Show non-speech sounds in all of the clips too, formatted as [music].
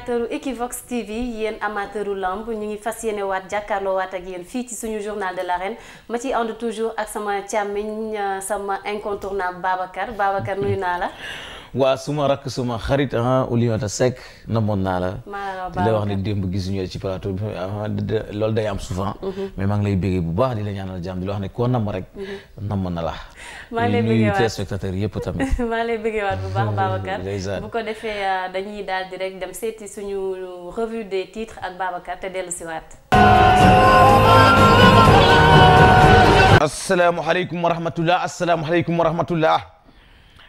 téléspectateur Equivox TV yéen amateuru lamb ñu ngi fas yéene waat jàkkaarloo waat ak yéen fii ci suñu journal de la l'arène ma ci ànd toujours ak sama càmmiñ euh, sama incontournable Babacar Babacar nuyu naa la. waa suma rakk suma xarit ah Oulimata Seck namoon naa la. di la wax ne démb gisuñu ci plateau bi ah, loolu day am souvent. Mm-hmm. mais ngi lay béggee bu baax di la ñaanal jàmm di la wax ne koo nam rek. Mm-hmm. nam na la. maa ngi lay béggee waat téléspectateurs yëpp tamit. [laughs] lay béggee waat bu baax Babacar. bu ko defee ah, dañuy daal di rek dem seeti suñu revue des titres ak Babacar te dellu si waat. wa rahmatulah asalaamaaleykum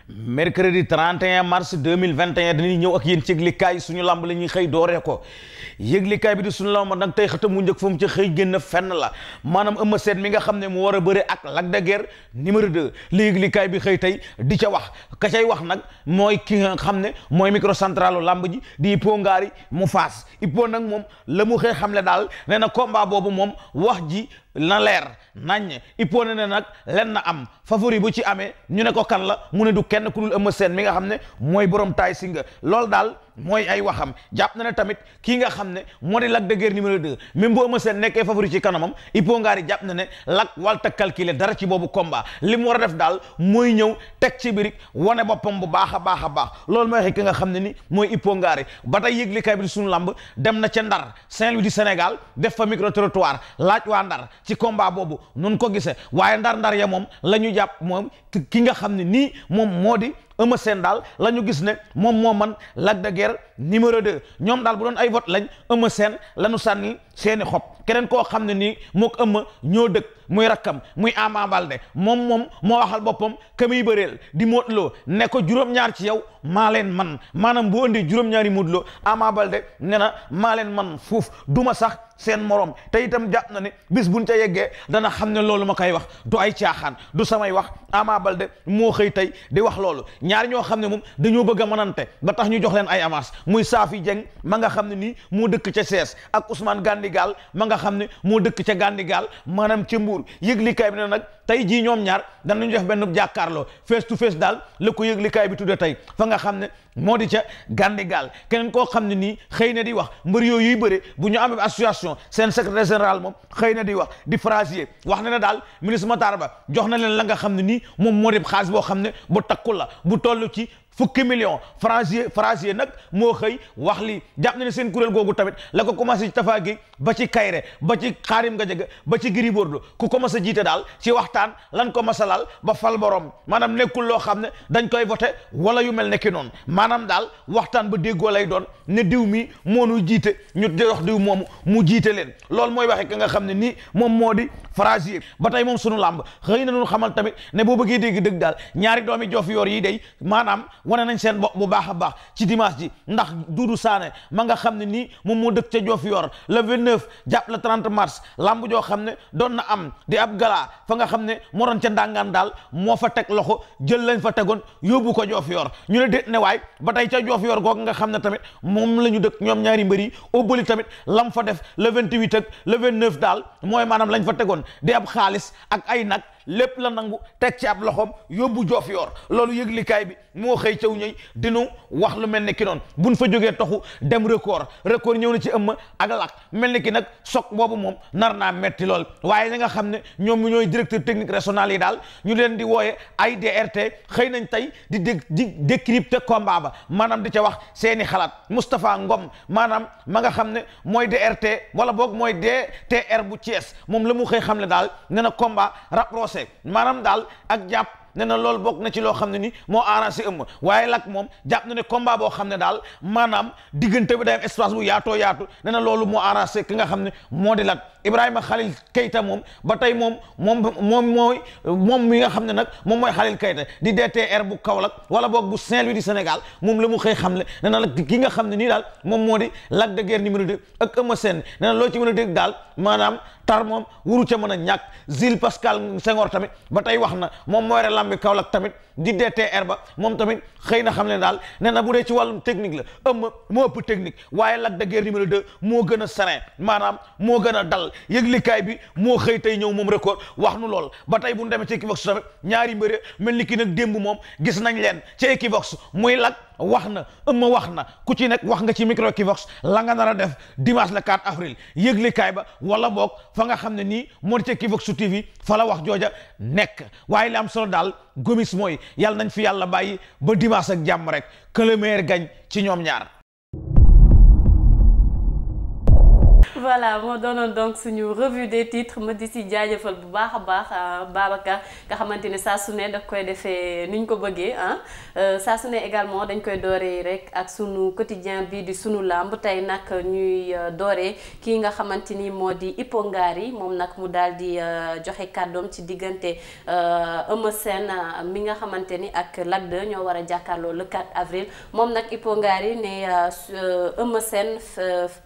mercredi 31 mars 2021 dañuy ñëw ak yéen ci yëglikaay suñu lamb la ñuy xëy dooree ko yëglikaay bi di suñu lamb nag tey xëtam mu njëkk fa mu ci xëy génn fenn la maanaam Eumeu Sène mi nga xam ne mu war a bëre ak Lac de Guiers numéro 2 li yëglikaay bi xëy tey di ca wax ka yi wax nag mooy ki nga xam ne mooy microcentral làmb ji di Hippo ngaari mu faas Hippo nag moom la mu xëy xamle daal nee na combat boobu moom wax ji na leer naññ ipone ne nag len na am favori bu ci amee ñu ne ko kan la mu ne du kenn ku dul Eumeu Sène mi nga xam ne mooy borom taay si nga loolu daal mooy ay waxam jàpp na ne tamit kii nga xam ne moo di Lac de Guiers numéro 2 même bu Eumeu Sène nekkee favori ci kanamam Hypo Ngary jàpp na ne Lac walta calculer dara ci boobu combat li mu war a def daal mooy ñëw teg ci birik wane boppam bu baax a baax a baax loolu mooy ki nga xam ne ni mooy Hypo Ngary ba tey yëg kay bi di suñu lamb dem na ca Ndar Saint-Louis du Sénégal def fa micro laaj waa Ndar ci combat boobu nun ko gisee waaye Ndar Ndar ya moom la ñu jàpp moom ki nga xam ne nii moom moo di ama Sène daal la ñu gis ne moom moo man Lac de numéro de ñoom daal bu doon ay vote lañ ëmm seen la nu sànni seeni xob keneen koo xam ne nii mook ëmm ñoo dëkk muy rakkam muy Ama Baldé moom moom moo waxal boppam ka yi bëreel di Modou Lo ne juróom-ñaar ci yow maa leen man maanaam bu ëndee juróom-ñaari Modou Lo Ama Baldé ne na maa leen man fuuf duma sax seen morom te itam jàpp na ne bis bu buñ ca yeggee dana xam ne loolu ma koy wax du ay caaxaan du samay wax Ama Baldé moo xëy tey di wax loolu ñaar ñoo xam ne moom dañoo bëgg a mënante ba tax ñu jox leen ay avance muy Safi Dieng ma nga xam ne nii moo dëkk ca Cees ak Ousmane Gandigal ma nga xam ne moo dëkk ca Gandigal maanaam ca Mbuur yëglikaay bi na nag tey jii ñoom ñaar danañu def benn jàkkaarloo face to face daal la ko yëglikaay bi tudde tey fa nga xam ne moo di ca Gandigal keneen koo xam ne nii xëy na di wax mbër yooyu yuy bëre bu ñu amee association seen secrétaire général moom xëy na di wax di phrasier wax na ne daal ministre Matar Ba jox na leen la nga xam ne nii moom moo di xaalis boo xam ne bu takku la bu toll ci fukki million francier francier nag moo xëy wax li jàpp ne seen kuréel googu tamit la ko commencé ci ba ci Kayre ba ci Xaarim nga jege ba ci Gris Bordeaux ku commencé jiite daal ci waxtaan lan commencé laal ba fal borom maanaam nekkul loo xam ne dañ koy voté wala yu mel nekki noonu maanaam daal waxtaan ba déggoo lay doon ne diw mi moo nu jiite ñu jox diw moomu mu jiite leen loolu mooy waxe ka nga xam ne nii moom moo di fragier ba tey moom sunu làmb xëy na ñu xamal tamit ne boo bëggee dégg dëgg daal ñaari doomi Diofior yi day maanaam wane nañ seen bopp bu baax a baax ci dimanche ji ndax Doudou Sané ma nga xam ne nii moom moo dëkk ca Diofior le 29 jàpp le 30 mars lamb joo xam ne doon na am di ab gala fa nga xam ne moo doon ca ndàngaan daal moo fa teg loxo jël lañ fa tegoon yóbbu ko Diofior ñu ne déet ne waay ba tey ca Diofior googu nga xam ne tamit moom la ñu dëkk ñoom ñaari mbër yi óbbali tamit lam fa def le 28 ak le 29 daal mooy maanaam lañ fa tegoon di ab xaalis ak ay nag lépp la nangu teg ci ab loxoom yóbbu joof yor loolu yëglikaay bi moo xëy caw ñëy dinu wax lu mel ni ki noonu buñ fa jógee taxu dem record record ñëw na ci ëmma ak lak mel ni ki nag sook boobu moom nar naa metti lool waaye ñi nga xam ne ñoom ñooy directeur technique régional yi daal ñu leen di wooye ay DRT xëy nañ tey di dé di décrypter combat ba maanaam di ca wax seeni xalaat Moustapha Ngom maanaam ma nga xam ne mooy DRT wala boog mooy DTR bu Thiès moom la mu xëy xam ne daal ne forcé maanaam daal ak jàpp ne na loolu bokk na ci loo xam ne ni moo arrangé ëmb waaye lak moom jàpp ne combat boo xam ne daal maanaam diggante bi day am espace bu yaatoo yaatu ne na loolu moo arrangé ki nga xam ne moo di lak Ibrahima Khalil Keita moom ba tey moom moom moom mooy moom mi nga xam ne nag moom mooy Khalil Keita di DTR bu Kaolack wala boog bu Saint-Louis du Sénégal moom la mu xëy xam le ne na nag ki nga xam ne nii daal moom moo di Lac de Guiers numéro 2 ak loo ci dégg daal maanaam tar moom wuru ca mën a ñàkk Jules Pascal Senghor tamit ba tey wax na moom moo yore lambi Kaolack tamit di DTR ba moom tamit xëy na xam ne daal nee na bu dee ci wàllum technique la ëmb moo ëpp technique waaye Lac de Guiers numéro 2 moo gën a serein maanaam moo gën a dal yëglikaay bi moo xëy tey ñëw moom record wax nu lool ba tey bu ñu demee ci Equivox tamit ñaari mbëre mel ni ki nag démb moom gis nañ leen ci Equivox muy Lac wax na ëmma wax na ku ci nekk wax nga ci micro Equivox la nga nar a def dimanche le 4 avril yëglikaay ba wala boog fa nga xam ne nii moo ci Equivox su TV fa la wax jooja nekk waaye li am solo daal gomis mooy yàlla nañ fi yàlla bàyyi ba dimanche ak jàmm rek que le ci ñoom ñaar voilà moo doonoon donc suñu revue des titres ma di si jaajëfal bu baax a baax euh, Babacar nga xamante ne saa su ne daf koy defee ni ko bëggee ah saa su ne également dañ koy dooree rek ak sunu quotidien bii di sunu làmb tey nag ñuy euh, dooree kii nga xamante ni moo di Ipongaari moom nag mu daal di joxe kàddoom ci diggante Eumeu Sène mi nga xamante ni ak Lac 2 ñoo war a jàkkaarloo le 4 avril moom nag Ipongaari ne Eumeu Sène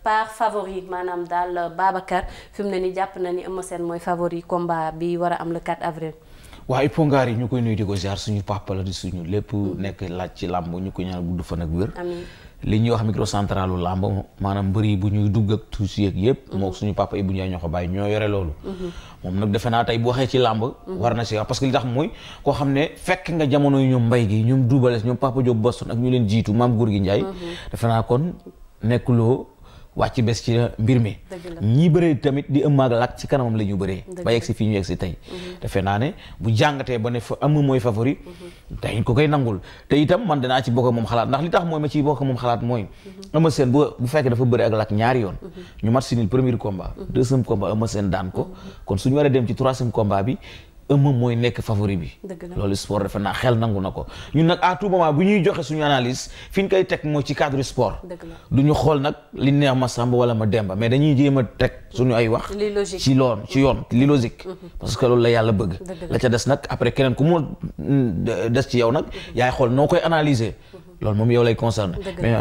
part favori maanaam. maanaam daal euh, Babacar fi mu ne nii jàpp na ni Eumeu Sène mooy favori combat bi war a am le 4 avril. waaw Ipongaar yi ñu koy nuyu di ko ziar suñu papa la di suñu lépp nekk laaj ci làmb bu ñuy dugg ak tuus yëpp. moo mhm. suñu papa Ibou Ndiaye ñoo ko ñoo yore loolu. Mhm. moom nag defe naa tey bu waxee ci làmb. Mhm. war na si wax parce que li tax mooy koo xam ne fekk nga jamono yu ñoom mbay gi ñoom duubales ñoom papa Diop Boston ak ñu leen jiitu maam Gorgui Ndiaye. defe naa kon nekkuloo. wàcc bes ci mbir mi ñii bëree tamit di ëmmaag lak ci kanamam la ñu bëree ba yegg si fii ñu yegg si tey mhm. defe naa ne bu jàngatee ba ne fa am mooy favori mhm. dañ ko koy nangul te itam man danaa ci bokk moom xalaat ndax li tax mooy ma ciy bokk moom xalaat mooy mhm. Eumeu Sène bu bu fekkee dafa bëri ak lak ñaari yoon ñu mat si nil premier combat deuxième combat Eumeu seen daan ko kon suñu waree dem ci trois troisième combat bi ëmm mooy nekk favori bi. loolu sport defe naa xel nangu na ko ñun nag à tout moment bu ñuy joxe suñu analyse fi ñu koy teg mooy ci cadre sport. du ñu xool nag li neex ma Samba wala ma Demba mais dañuy jéem a teg suñu ay wax. ci loon ci yoon li logique. Mm-hmm. parce que loolu la yàlla bëgg. la ca des nag après keneen ku mu des ci yow nag. Mm-hmm. yaay xool noo koy analyser. Mm-hmm. loolu moom yow lay concerné.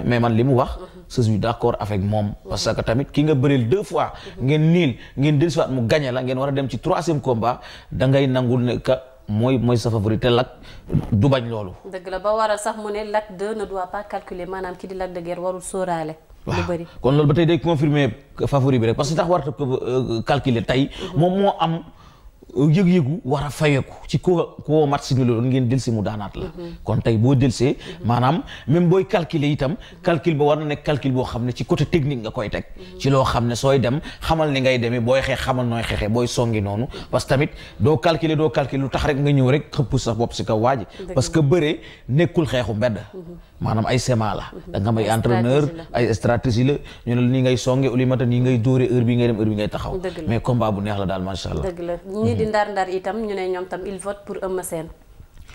mais man li mu wax. suñu d'accord avec moom parce tamit ki nga bëril deux fois ngeen niil ngeen dellusiwaat mu gagné la ngeen war a dem ci troisième combat da ngay nangul ne ka mooy mooy sa favori te Lac du bañ loolu. dëgg la ba waral sax mu ne Lac 2 ne doit pas calculer maanaam ki di Lac de Guiers warul sóoraale. lu kon loolu ba tey day confirmer favori bi rek parce que tax warta euh, calculer tey mhm. moom moo am. yëg-yëgu war a fayeeku ci ko koo mat si ni la ngeen delsi mu daanaat la mhm. kon tey boo delsee mhm. maanaam même booy calculer itam mhm. calcul ba war na nekk calcul boo xam ne ci côté technique nga koy teg ci loo xam ne sooy dem xamal ni ngay demee booy xeex xamal nooy xeexee booy songi noonu parce que tamit doo calculer doo calculer lu tax rek nga ñëw rek xëpp sa bopp si kaw waaji parce que bëree nekkul xeexu mbedd maanaam ay sema la da nga am ay entraîneur ay stratégie la ñu ne nii ngay songe ulimata nii ngay dóore heure bi ngay dem heure bi ngay taxaw mais combat bu neex la daal macha di ndar ndar itam ñu ne ñoom tam il vote pour Eumeu Sène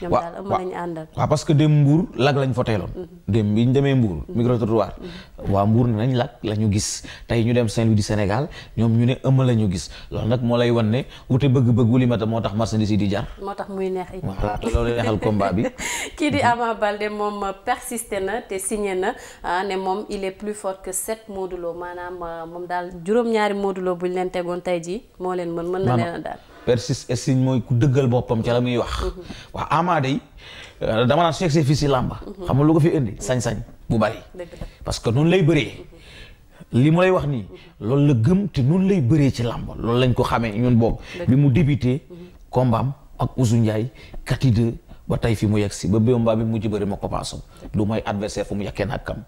ñoom daal ëmb nañu àndal waaw parce que dem mbuur lag lañ fa teeloon mm-hmm. dem bi ñu demee mbuur mm-hmm. micro trottoir mm-hmm. waa mbuur ne nañ lag la ñu gis tey ñu dem Saint-Louis du Sénégal ñoom ñu ne ëmb la ñu gis loolu nag moo lay wan ne wute bëgg-bëgg wu limata moo tax marchandise yi di jar moo tax muy neex it waaw neexal combat bi [laughs] kii di Ama Baldé moom persisté na te signé na ah, ne moom il est plus fort que sept Modou maanaam ah, moom daal juróom-ñaari Modou bu buñ leen tegoon tey jii moo leen mën mën na persiste et mooy ku dëggal boppam ca la muy wax mm-hmm. waaw Ama day euh, dama naan su yegsee fii si làmba xam nga lu ko fi indi sañ-sañ bu bari parce que noonu lay bëree mm-hmm. li mu lay wax nii mm-hmm. loolu la gëm te noonu lay bëree ci làmba loolu lañ ko xamee ñun boobu bi mu débuté kombaam ak Ousou Ndiaye kati de ba tey fi mu yegg si ba béyumba bi mu mujj ma ko paasoo du mooy adversaire fu mu yàkkee nag kam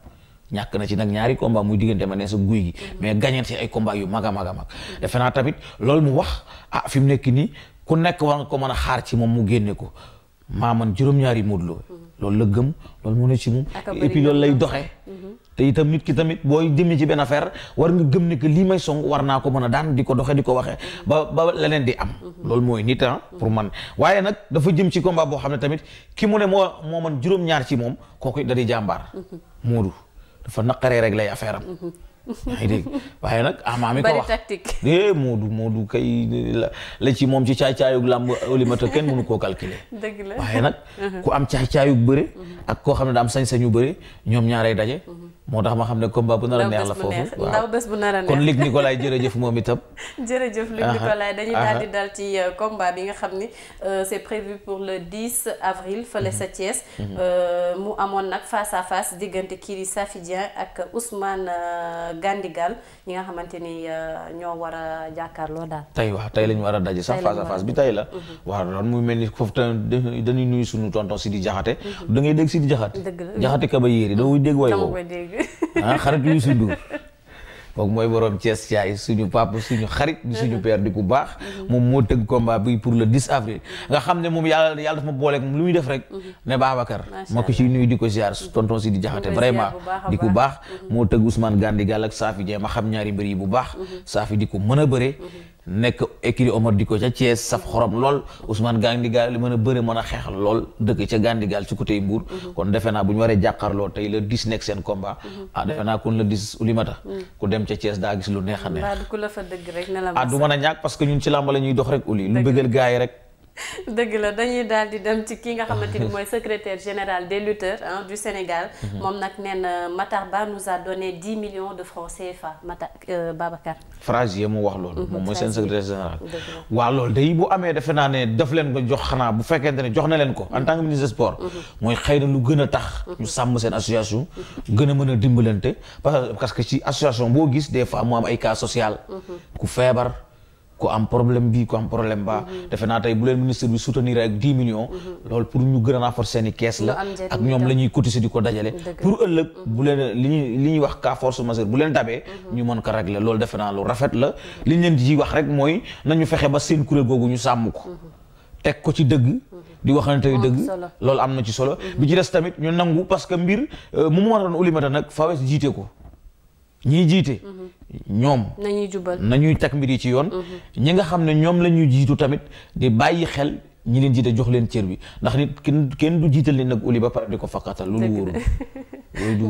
ñàkk na ci nag ñaari combat muy diggante ma ne sa guy gi mm-hmm. mais gagné ci ay combat yu maga maga mag defe naa tamit loolu mu wax ah fi mu nekk nii ku nekk war nga ko mën a xaar ci moom mu génne ko maa man juróom-ñaari Modou Lo mm-hmm. loolu la gëm loolu moo ne ci moom et lay doxee mm-hmm. te itam nit ki tamit booy jëmee ci benn affaire war nga gëm ne que lii may song war naa ko mën a daan di ko doxee di ko waxee ba ba leneen di am lool mooy nit ah pour man waaye nag dafa jëm ci combat boo xam ne tamit ki mu ne moo moo man juróom-ñaar ci moom kooku da di jàmbaar Modou dafa naqaree rek lay affaire am mm-hmm. yaa ngi dégg waaye nag ah, ama mi ko wax tactique eh Moodu Moodu kay la ci moom ci caay-caayug làmb Oulimata kenn mënu koo calculer dëgg la waaye nag uh-huh. ku am caay-caayug bëre uh-huh. ak koo xam ne da am sañ-sañu bëre ñoom ñaaree daje uh-huh. moo tax ma xam ne combat bu nar a neex la foofu ndaw bés bu nar a neex kon Luc Nicolaï [laughs] jërëjëf moom itam jërëjëf Luc Nicolaï dañuy daal di dal ci euh, combat bi nga xam ni euh, c'est prévu pour le avril fële sa Thiès euh, mu amoon nag face à diggante Kiri Safidien ak Ousmane Gandigal ñi nga xamante ni euh, ñoo war a jàkkaarloo daal. tey waaw tey la ñu war a daje sax face à face bi tey la. Mhm. waaw loolu mu mel ni foofu tamit dañuy nuyu suñu tonton Sidi Diakhaté. Mhm. da ngay dégg Sidi Diakhaté. dëgg la Diakhaté Kaba Yéeri doo dégg waay woo. ah xarit Youssou Ndour [laughs] kooku mooy borom Thiès Thiaye suñu papa suñu xarit di suñu peer di ku baax moom moo tëgg combat bi pour le 10 avril nga xam ne moom yàlla yàlla daf ma booleeg moom lu muy def rek ne Babacar ma ko ci nuyu di ko ziar tonton si di jaxate vraiment di ku baax mhm. moo tëgg Ousmane Gandi Gall ak Safi Dieng ma xam ñaari mbir yi bu baax mhm. Safi di ko mën a bëre mhm. nekk écrit Omar Diko ca Thiès saf xorom lool Ousmane Gandigal mën a bëri mën a xeexal lool dëkk ca Gandigal ci côté Mbour mhm. kon defe naa bu ñu waree jàkkaarloo tey le 10 nekk seen combat mhm. ah defe naa kun le 10 ulimata mhm. ku dem ca Thiès daa gis lu neex a neex ah du mën a ñàkk parce ñun ci làmb ñuy dox rek uli lu bëggal gaay rek dëgg la dañuy daal di dem ci kii nga xamante ni mooy secrétaire général des lutteurs hein, du Sénégal. Mhm. moom nag nee na Matar Ba nous a donné dix millions de francs CFA Matar euh, Babacar. phrase yi mu wax loolu. Mhm, moom mooy seen secrétaire général. waaw loolu day bu amee defe naa ne def leen ko jox xanaa bu fekkente ne jox na leen ko en mhm. tant que ministre des sports. mooy xëy na lu gën a tax. ñu sàmm seen association. gën a mën a dimbalante parce que ci association boo gis des fois mu am ay cas social. ku ko am problème bi ku am problème ba mm-hmm. defe naa tey bu leen ministre bi soutenir ak 10 millions mm-hmm. loolu pour ñu gën a renforcer seeni kees la ak ñoom la ñuy cotiser di ko dajale pour ëllëg mm-hmm. bu leen li ñuy li wax cas force majeure bu leen dabee ñu mën ko régler loolu defe naa lu rafet la li ñu leen di wax rek mooy nañu fexe ba seen kuréel googu ñu sàmm ko teg ko ci dëgg di waxante dëgg loolu am na ci solo bi ci des tamit ñu nangu parce que mbir euh, mu mu waroon ulimata nag fawes jiite ko ñiy jiite. Mm-hmm. ñoom nañuy jubal nañuy teg mbir yi ci yoon. Mm-hmm. ñi nga xam ne ñoom la ñuy jiitu tamit di bàyyi xel ñi leen jiite jox leen cër bi ndax nit kenn kenn du jiital ni nag uli ba pare di ko fakkatal lu wóorul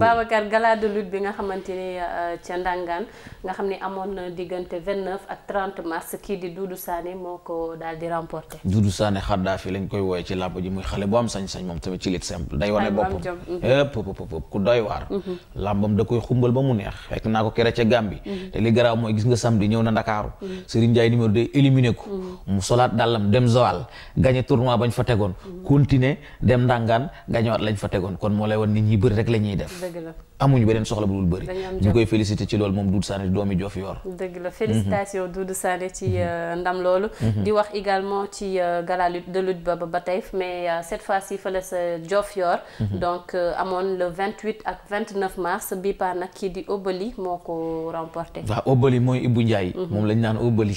Babacar gala de lutte bi nga xamante ni euh, ca Ndangaan nga xam ne amoon na diggante 29 ak 30 mars kii di Doudou Sané moo ko daal di remporté Doudou daa fi lañ koy wooye ci làmb ji muy xale bu am sañ-sañ moom tamit ci lit simple day wane boppam ëpp mhm. ku doy waar mhm. làmbam da koy xumbal ba mu neex fekk naa ko kere ca Gàmbi mhm. te li garaaw mooy gis nga samedi ñëw na Ndakaaru Serigne Ndiaye numéro 2 éliminé ko mu solaat dàllam dem Zawal gañe tournoi bañ fa tegoon mm. continuer dem ndàngaan gañewaat lañ fa tegoon kon moo lay wan nit ñi bëri rek la ñuy def amuñu beneen soxla bu dul bëri. ñu koy félicité ci loolu moom Doudou Sané doomi jof yor. dëgg la félicitation mhm. ci mhm. euh, ndam loolu. Mhm. di wax également ci euh, gala lutte de lutte ba tey mais euh, cette fois ci fële sa jof yor. donc amoon le 28 ak 29 mars bii paa nag kii di Obali moo ko remporté. waaw Obali mooy Ibou Ndiaye. moom lañ naan Obali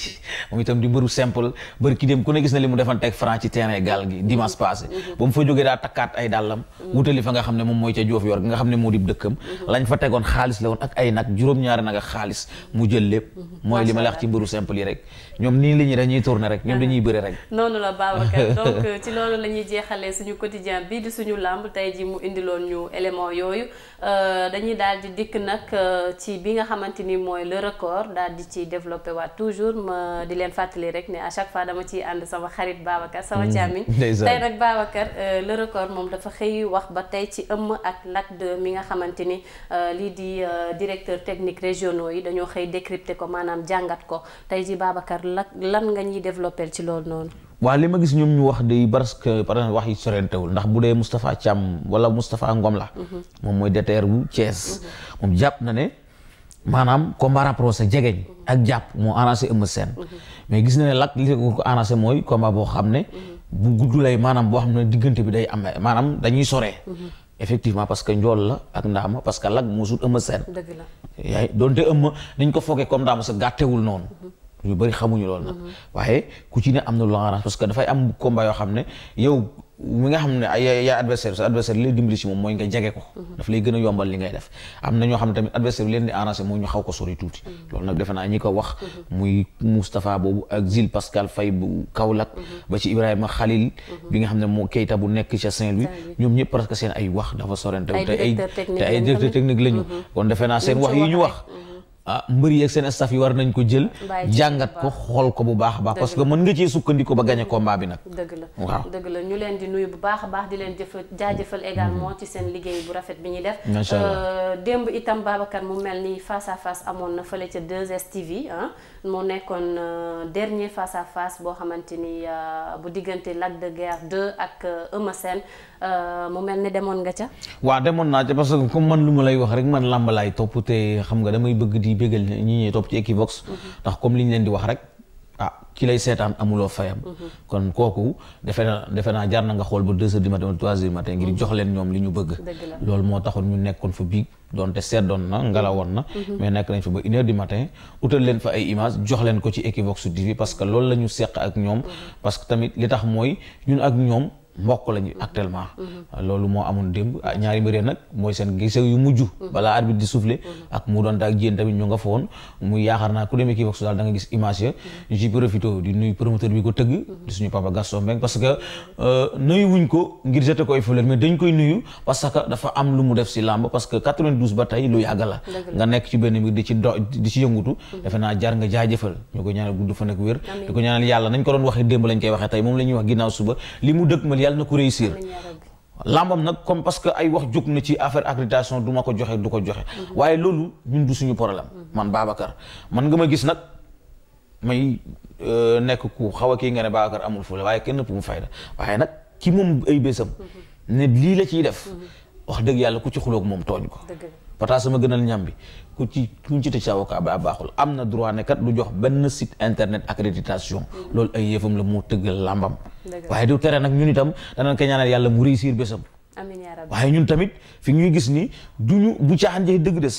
moom itam di mbëru simple mbër ki dem ku ne gis na li mu defanteeg franc ci terrain gaal gi dimanche passé. ba mu fa jógee daa takkaat ay dàllam. wutali fa nga moom mooy ca jof yor nga xam ne moo di dëkkam. lañ fa tegoon xaalis la woon ak ay nag juróom-ñaari nag ak xaalis mu jël lépp mooy li ma la wax ci mbiru simple yi rek ñoom nii la ñuy rek ñoom [laughs] euh, daal di dikk nag euh, ci bi nga xamante ni mooy le record di ci développé waat toujours di leen fàttali rek ne à chaque fois dama ciy ànd sama xarit Babacar sama hmm. càmmiñ [laughs] tey nag Babacar euh, le record moom dafa xëy wax ba tey ci ëmm ak Lac 2 mi nga xamante ni Euh, lii di euh, directeur technique régionaux yi dañoo xëy décrypter ko maanaam jàngat ko tey ji Babacar la lan nga ñuy développé ci loolu noonu. waaw li ma gis ñoom ñu wax day parce que par exemple wax yi sorentewul ndax bu dee Moustapha Thiam wala Moustapha Ngom la. Mm-hmm. moom mooy DTR bu Thiès. Mm-hmm. moom jàpp na ne maanaam combat rapproché jegeñ mm-hmm. ak jàpp moo arrangé Eumeu Sène mais gis na ne lak li ko arrangé mooy combat boo xam ne. bu gudd lay maanaam boo xam ne diggante bi day am maanaam dañuy soree effectivement parce que njool la ak ndaama parce que lag musul ëmma seen yaay doonte ëmma niñ ko foogee comme ndaama sa wul noonu mhm. ñu bëri xamuñu loolu nag. waaye ku ci ne am na lu arrange parce que dafay am combat yoo xam ne yow mi nga xam ne yaa adversaire sa lay dimbali si moom mooy nga jege ko. daf lay gën a yombal li ngay def am na ñoo xam ne tamit adversaire bi leen di arrangé mooy ñu xaw ko sori tuuti. loolu nag defe naa ñi ko wax. muy Moustapha boobu ak Zil Pascal Faye bu Kaolack. ba ci Ibrahima Khalil. bi nga xam ne moo Keita bu nekk ca Saint-Louis. ñoom ñëpp presque seen ay wax dafa sorante te ay te ay directeur technique la ñu. Mm-hmm. kon defe ñu wax. ah mbër yi ak seen staff yi war nañ ko jël jàngat ko xool ko bu baax a baax parce que mën nga cee sukkandiku ba gagné combat bi nag dëgg la waaw dëgg la ñu leen di nuyu bu baax a baax di leen jëf jaajëfal également mm-hmm. ci seen liggéey bu rafet bi ñuy def macha allah euh, démb itam Babacar mu mel ni face à face amoon na fële ca 2STV ah mu nekkoon euh, dernier face à face boo xamante ni euh, bu diggante Lac de Guerre 2 ak Eumeu Sène mu mel ni demoon nga ca waaw demoon naa ca parce que comme lu ma lay wax rek man làmb laay topp xam nga damay bëgg di di bégal ñi ñuy topp ci Equivox ndax comme li ñu leen di wax rek ah ki lay seetaan amuloo fayam kon kooku defe na defe naa jar na nga xool ba deux heures du matin ba ngir mhm. jox leen ñoom li ñu bëgg loolu moo taxoon ñu nekkoon fa biig doonte seet doon na ngelawoon na mhm. mais nekk nañ fa ba une heure du matin utal leen fa ay image jox leen ko ci Equivox TV parce que loolu lañu ñu seq ak ñoom mhm. parce que tamit li tax mooy ñun ak ñoom mbokk lañu actuellement loolu moo amoon démb ah, ñaari mbir nag mooy seen gisee yu mujj balaa arbitre di souffler ak mu doon ak jéen tamit ñu nga foon muy yaakaar naa ku demee kii wax daal ko tëgg di suñu papa Gaston euh, dafa am lu mu def si làmb parce que 92 ba tey lu yàgg la nga nekk ci benn mbir di ci do di ci yëngutu defe naa jar nga jaajëfal ñu ko ñaanal gudd fa nekk wér di ko ñaanal yàlla nañ ko doon waxee démb lañ koy waxee tey moom la wax ginnaaw suba li yàlla na ko réussir làmbam nag comme parce que ay wax jóg na ci affaire accréditation du ma ko joxee du ko joxe mhm. waaye loolu ñun du suñu problème mhm. man Babacar man nga ma gis nag may euh, nekk ku xaw a kii nga ne Babacar amul fula waaye kenn pu mu fayda waaye nag ki moom ay bésam mhm. ne lii la ciy def wax dëgg yàlla ku ci xuloog moom tooñ ko pataas sama gënal ñam bi ku ci ku ci te sa avocat baaxul am na droit ne kat du jox benn site internet accréditation mm. loolu ay yëfam la mu tëggal làmbam waaye du tere nag ñun itam danañ ko ñaanal yàlla mu réussir bésam waaye ñun tamit fi ñuy gis nii du ñu bu caaxaan jëy dëgg des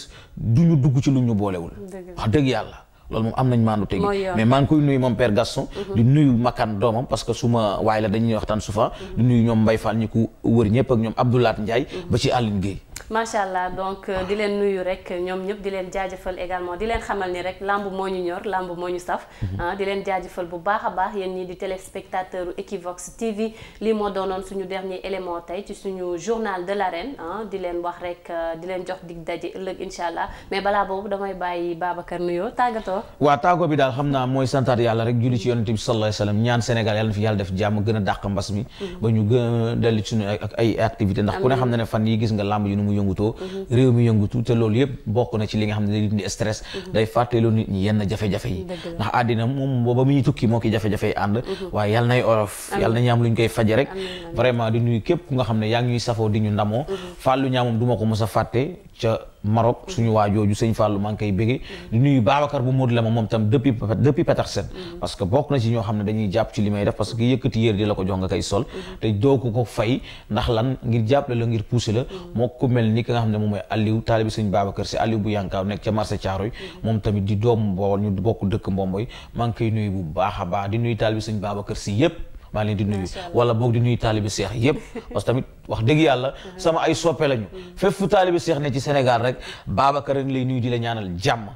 ñu dugg ci lu ñu boolewul wax dëgg yàlla loolu moom am nañ maan maandu tegi mais maa ngi koy nuyu moom père Gaston mm-hmm. di nuyu makkaan doomam parce que su ma waay la dañuy waxtaan souvent mm-hmm. nuyu ñoom Mbaye Fall ñi ko wër ñëpp ak ñoom Abdoulaat Ndiaye mm-hmm. ba ci Aline macha allah donc euh, di leen nuyu rek ñoom ñëpp di leen jaajëfal également di leen xamal ni rek lamb moo ñu ñor lamb moo ñu saf. Mhm. Ah, di leen jaajëfal bu baax a baax yéen ñii di téléspectateur Equivox TV lii moo doonoon suñu dernier élément tey ci suñu journal de l'arène ah, di leen wax rek euh, di leen jox dig daje ëllëg incha allah mais balaa boobu damay bàyyi Babacar nuyoo tàggatoo. waaw tàggoo bi daal xam naa mooy santaat yàlla rek julli ci yonent bi sallallahu na fi yàlla a dàq mbas mi. Mhm. ba ñu gën a dellu ci suñu ay activité ndax ku ne xam na yëngutoo mhm. réew mi yëngutu te loolu yëpp bokk na ci li nga xam ne day dindi stress mhm. day fàtteeloo nit ñi yenn jafe-jafe yi ndax àddina moom booba mu ñu tukki moo ki jafe-jafe ànd mhm. waaye yàlla nay orof yàlla nañu am lu koy faje rek vraiment di nuyu képp ku nga xam ne yaa ngi safoo di ñu ndamoo fàllu ñaa moom du ko mos a fàtte ca marok suñu waajooju sëñ Fallou maa ngi koy bëgge di nuyu Babacar bu Modou Lama moom tam depuis depuis Petersen mm-hmm. parce que bokk na ci ñoo xam ne dañuy jàpp ci li may def parce que yëkkati yére di la ko jox nga koy sol mm-hmm. te doo ko ko fay ndax lan ngir jàppale la ngir pousser la mm-hmm. moo ko mel ni ki nga xam ne moom mooy Aliou taalibi sëñ Babacar si Aliou bu Yankaaw nekk ca marché Thiaroy moom tamit di doom Bawol ñu bokk dëkk Mbomboy maa ngi koy nuyu bu baax a baax di nuyu taalibi sëñ Babacar si yépp maa leen di nuyu wala boog di nuyu taalibi seex yëpp [laughs] parce que tamit wax dëgg yàlla sama ay soppe lañu mm. fépp fu taalibi seex ne ci Sénégal rek Babacar rek lay nuyu di la ñaanal jàmm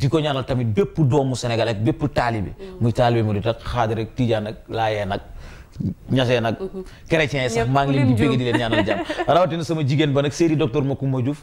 di ko ñaanal tamit bépp doomu Sénégal ak bépp taalibi mm. muy taalibi mu di tak xaadir rek tijaan ak laayeen ak ñasee nag mm-hmm. chrétien sax maa ngi di bégg di leen ñaanal jàmm [laughs] rawatina sama jigéen ba nag séeri docteur Macoumba Diouf